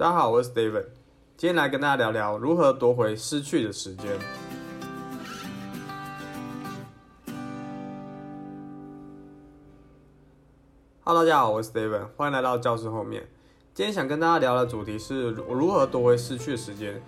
大家好，我是 David。今天來跟大家聊聊如何奪回失去的時間。 Hello，大家好，我是 David，歡迎來到教室後面。今天想跟大家聊的主題是如何奪回失去的時間。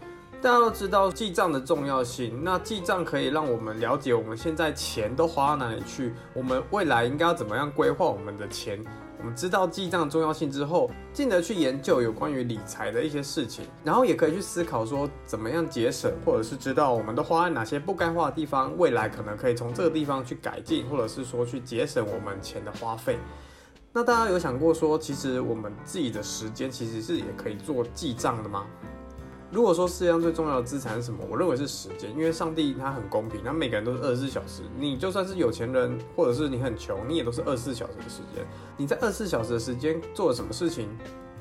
大家都知道記賬的重要性，那記賬可以讓我們了解我們現在錢都花到哪裡去，我們未來應該要怎麼樣規劃我們的錢。我們知道記賬的重要性之後，進而去研究有關於理財的一些事情，然後也可以去思考說怎麼樣節省，或者是知道我們都花在哪些不該花的地方，未來可能可以從這個地方去改進，或者是說去節省我們錢的花費。那大家有想過說，其實我們自己的時間其實是也可以做記賬的嗎？如果說世界上最重要的資產是什麼，我認為是時間。因為上帝他很公平，他每個人都是二十四小時。你就算是有錢人，或者是你很窮，你也都是二十四小時的時間。你在二十四小時的時間做了什麼事情，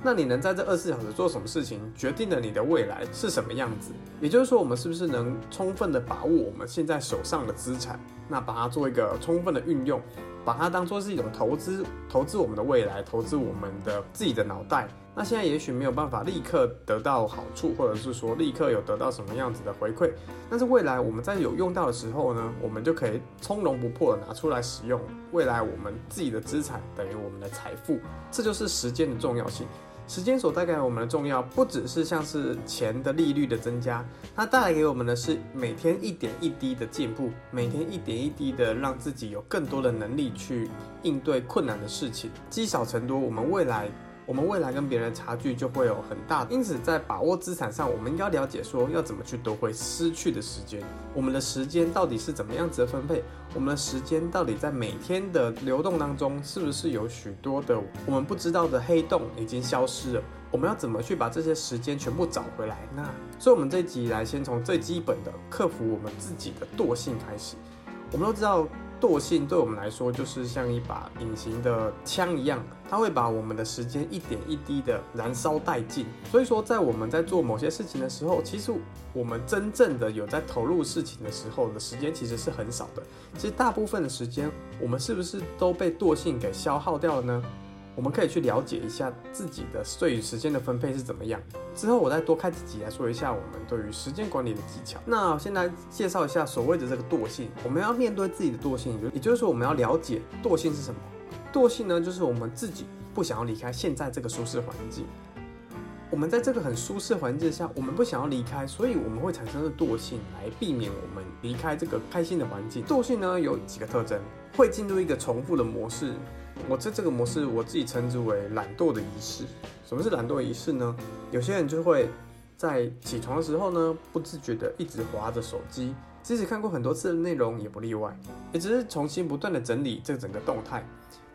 那你能在這二十四小時做什麼事情，決定了你的未來是什麼樣子。也就是說，我們是不是能充分的把握我們現在手上的資產？那把它做一個充分的運用，把它當做是一種投資，投資我們的未來，投資我們的自己的腦袋。那現在也許沒有辦法立刻得到好處，或者是說立刻有得到什麼樣子的回饋。但是未來我們在有用到的時候呢，我們就可以從容不迫的拿出來使用。未來我們自己的資產等於我們的財富，這就是時間的重要性。時間所帶給我們的重要，不只是像是錢的利率的增加，它帶來給我們的是每天一點一滴的進步，每天一點一滴的讓自己有更多的能力去應對困難的事情，積少成多，我們未來。我們未來跟別人的差距就會有很大，因此在把握資產上，我們應該了解說要怎麼去奪回失去的時間。我們的時間到底是怎麼樣子的分配？我們的時間到底在每天的流動當中，是不是有許多的我們不知道的黑洞已經消失了？我們要怎麼去把這些時間全部找回來？那，所以我們這一集來先從最基本的克服我們自己的惰性開始。我們都知道。惰性對我們來說，就是像一把隱形的槍一樣，它會把我們的時間一點一滴的燃燒殆盡。所以說，在我們在做某些事情的時候，其實我們真正的有在投入事情的時候的時間其實是很少的。其實大部分的時間，我們是不是都被惰性給消耗掉了呢？我們可以去了解一下自己的對時間的分配是怎麼樣。之後我再多開幾集來說一下我們對於時間管理的技巧。那先來介紹一下所謂的這個惰性。我們要面對自己的惰性，也就是說我們要了解惰性是什麼。惰性呢，就是我們自己不想要離開現在這個舒適環境。我們在這個很舒適環境下，我們不想要離開，所以我們會產生的惰性，來避免我們離開這個開心的環境。惰性呢有幾個特徵，會進入一個重複的模式。我在這個模式，我自己稱之為懶惰的儀式。什麼是懶惰儀式呢？有些人就會在起床的時候呢，不自覺的一直滑着手機，即使看過很多次的內容也不例外，也只是重新不斷的整理這整個動態。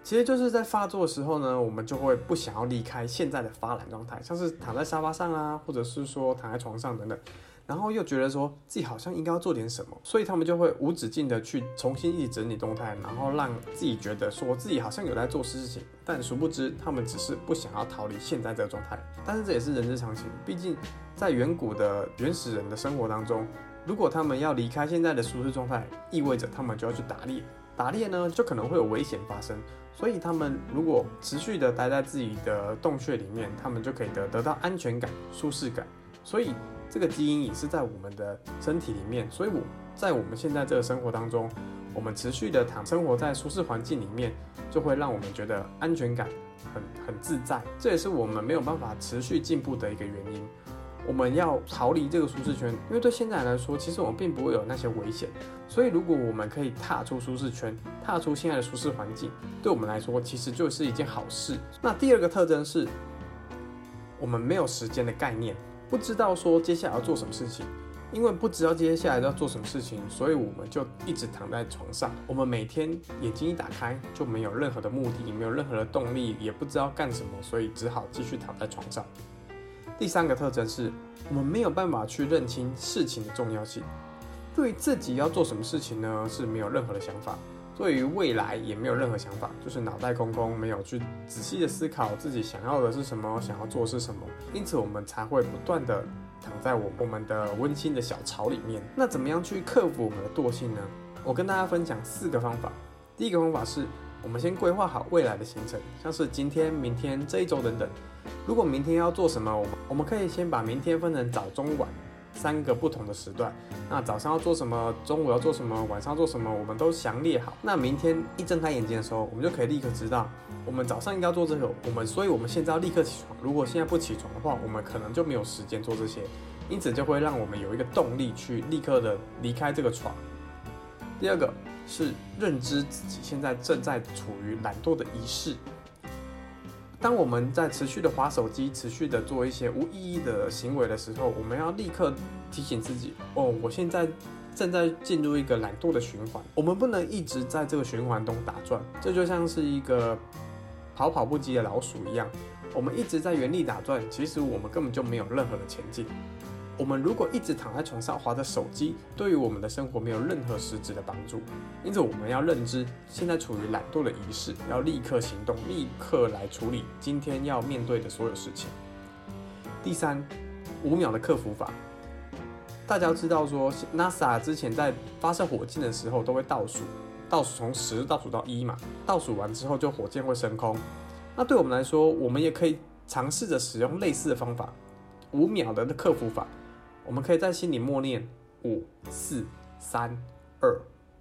其實就是在發作的時候呢，我們就會不想要離開現在的發懶狀態，像是躺在沙發上啊，或者是說躺在床上等等。然後又覺得說自己好像應該要做點什麼，所以他們就會無止境的去重新一整理動態，然後讓自己覺得說，自己好像有在做事，事情。但殊不知，他們只是不想要逃離現在這個狀態。但是這也是人之常情，畢竟在遠古的原始人的生活當中，如果他們要離開現在的舒適狀態，意味着他們就要去打獵。打獵呢，就可能會有危險發生。所以他們如果持續的待在自己的洞穴裡面，他們就可以得得到安全感、舒適感。所以。這個基因也是在我們的身體裡面，所以我在我們現在這個生活當中，我們持續的躺生活在舒適環境裡面，就會讓我們覺得安全感很很自在。這也是我們沒有辦法持續進步的一個原因。我們要逃離這個舒適圈，因為對現在來說，其實我們並不會有那些危險。所以，如果我們可以踏出舒適圈，踏出現在的舒適環境，對我們來說其實就是一件好事。那第二個特徵是我們沒有時間的概念。不知道說接下來要做什麼事情，因為不知道接下來要做什麼事情，所以我們就一直躺在床上。我們每天眼睛一打開，就沒有任何的目的，沒有任何的動力，也不知道幹什麼，所以只好繼續躺在床上。第三個特徵是，我們沒有辦法去認清事情的重要性，對自己要做什麼事情呢，是沒有任何的想法。對於未來也沒有任何想法，就是腦袋空空，沒有去仔細的思考自己想要的是什麼，想要做的是什麼，因此我們才會不斷的躺在我我們的溫馨的小巢裡面。那怎麼樣去克服我們的惰性呢？我跟大家分享四個方法。第一個方法是，我們先規劃好未來的行程，像是今天、明天、這一周等等。如果明天要做什麼，我們我們可以先把明天分成早、中、晚。三個不同的時段，那早上要做什麼，中午要做什麼，晚上要做什麼，我們都詳列好。那明天一睜開眼睛的時候，我們就可以立刻知道，我們早上應該要做這個。我們，所以我們現在要立刻起床。如果現在不起床的話，我們可能就沒有時間做這些，因此就會讓我們有一個動力去立刻的離開這個床。第二個是認知自己現在正在處於懶惰的儀式。當我們在持續的滑手機、持續的做一些無意義的行為的時候，我們要立刻提醒自己：哦，我現在正在進入一個懶惰的循環。我們不能一直在這個循環中打轉，這就像是一個跑跑步機的老鼠一樣，我們一直在原地打轉，其實我們根本就沒有任何的前進。我們如果一直躺在床上滑着手機，對於我們的生活沒有任何實質的幫助。因此，我們要認知現在處於懶惰的儀式，要立刻行動，立刻來處理今天要面對的所有事情。第三，五秒的克服法。大家知道說，NASA 之前在發射火箭的時候都會倒數，倒數從十倒數到一嘛，倒數完之後就火箭會升空。那對我們來說，我們也可以嘗試着使用類似的方法，五秒的的克服法。我們可以在心裡默念五、四、三、二、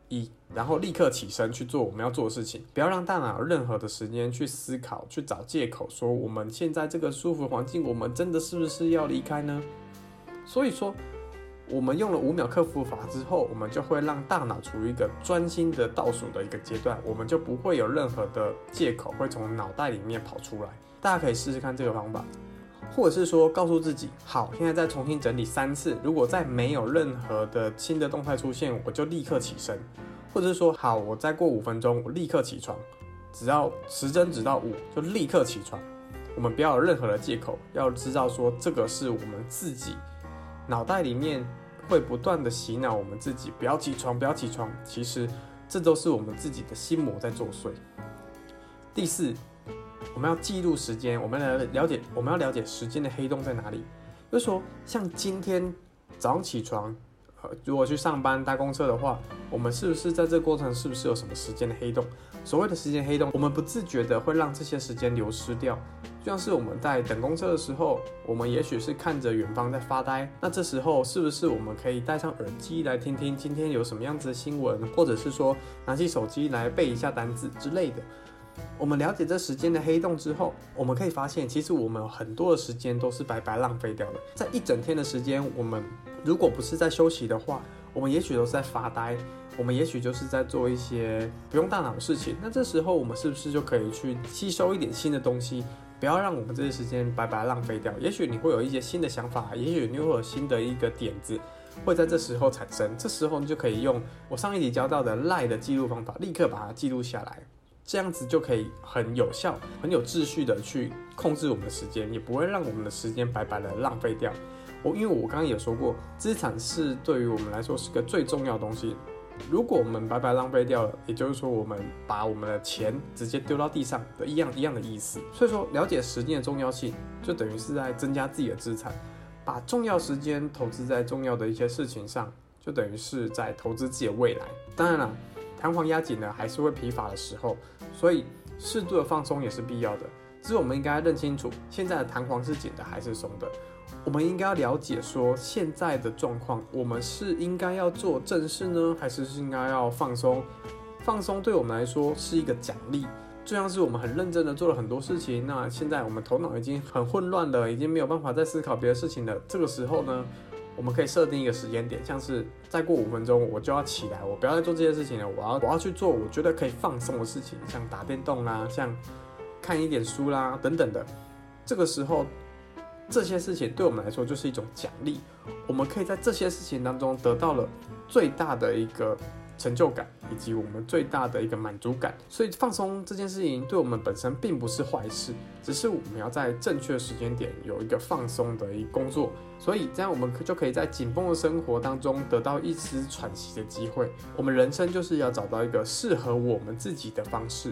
一，然後立刻起身去做我們要做的事情，不要讓大腦有任何的時間去思考、去找借口，說我們現在這個舒服的環境，我們真的是不是要離開呢？所以說，我們用了五秒克服法之後，我們就會讓大腦處於一個專心的倒數的一個階段，我們就不會有任何的借口會從腦袋裡面跑出來。大家可以試試看這個方法。或者是說告訴自己，好，現在再重新整理三次，如果再沒有任何的新的動態出現，我就立刻起身，或者是說，好，我再過五分鐘，我立刻起床，只要時針指到五，就立刻起床。我們不要有任何的借口，要知道說，這個是我們自己腦袋裡面會不斷的洗腦我們自己，不要起床，不要起床。其實，這都是我們自己的心魔在作祟。第四，我們要記錄時間，我們來了解，我們要了解時間的黑洞在哪裡。就是說，像今天早上起床，呃，如果去上班搭公車的話，我們是不是在這個過程是不是有什麼時間的黑洞？所謂的時間黑洞，我們不自覺的會讓這些時間流失掉。就像是我們在等公車的時候，我們也許是看着遠方在發呆，那這時候是不是我們可以戴上耳機來聽聽今天有什麼樣子的新聞，或者是說拿起手機來背一下單字之類的？我們了解這時間的黑洞之後，我們可以發現，其實我們很多的時間都是白白浪費掉的。在一整天的時間，我們如果不是在休息的話，我們也許都是在發呆，我們也許就是在做一些不用大腦的事情。那這時候，我們是不是就可以去吸收一點新的東西，不要讓我們這些時間白白浪費掉？也許你會有一些新的想法，也許你會有新的一個點子，會在這時候產生。這時候，你就可以用我上一集教到的 LINE 的記錄方法，立刻把它記錄下來。這樣子就可以很有效、很有秩序的去控制我們的時間，也不會讓我們的時間白白的浪費掉。我因為我剛剛也說過，資產是對於我們來說是個最重要的東西。如果我們白白浪費掉了，也就是說我們把我們的錢直接丟到地上的一樣一樣的意思。所以說，了解時間的重要性，就等於是在增加自己的資產。把重要時間投資在重要的一些事情上，就等於是在投資自己的未來。當然啦。彈簧壓緊呢，還是會疲乏的時候，所以適度的放鬆也是必要的。只是我們應該要認清楚，現在的彈簧是緊的還是鬆的？我們應該要了解說現在的狀況，我們是應該要做正事呢，還是，是應該要放鬆？放鬆對我們來說是一個獎勵，就像是我們很認真的做了很多事情，那現在我們頭腦已經很混亂了，已經沒有辦法再思考別的事情了。這個時候呢，我們可以設定一個時間點，像是再過五分鐘我就要起來，我不要再做這些事情了，我要我要去做我覺得可以放鬆的事情，像打電動啦，像看一點書啦等等的。這個時候，這些事情對我們來說就是一種獎勵，我們可以在這些事情當中得到了最大的一個。成就感以及我們最大的一個滿足感，所以放鬆這件事情對我們本身並不是壞事，只是我們要在正確的時間點有一個放鬆的一工作，所以這樣我們就可以在緊繃的生活當中得到一絲喘息的機會。我們人生就是要找到一個適合我們自己的方式，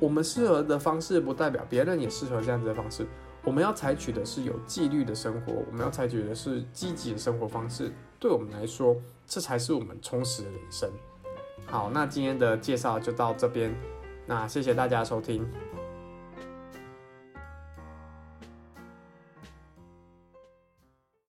我們適合的方式不代表別人也適合這樣子的方式，我們要採取的是有紀律的生活，我們要採取的是積極的生活方式。對我們來說，這才是我們充實的人生。好，那今天的介紹就到這邊，那謝謝大家收聽。